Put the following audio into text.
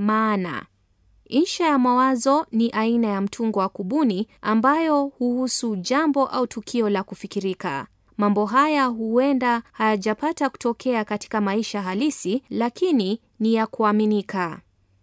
maana. Insha ya mawazo ni aina ya mtungo wa kubuni ambayo huhusu jambo au tukio la kufikirika. Mambo haya huenda hayajapata kutokea katika maisha halisi, lakini ni ya kuaminika.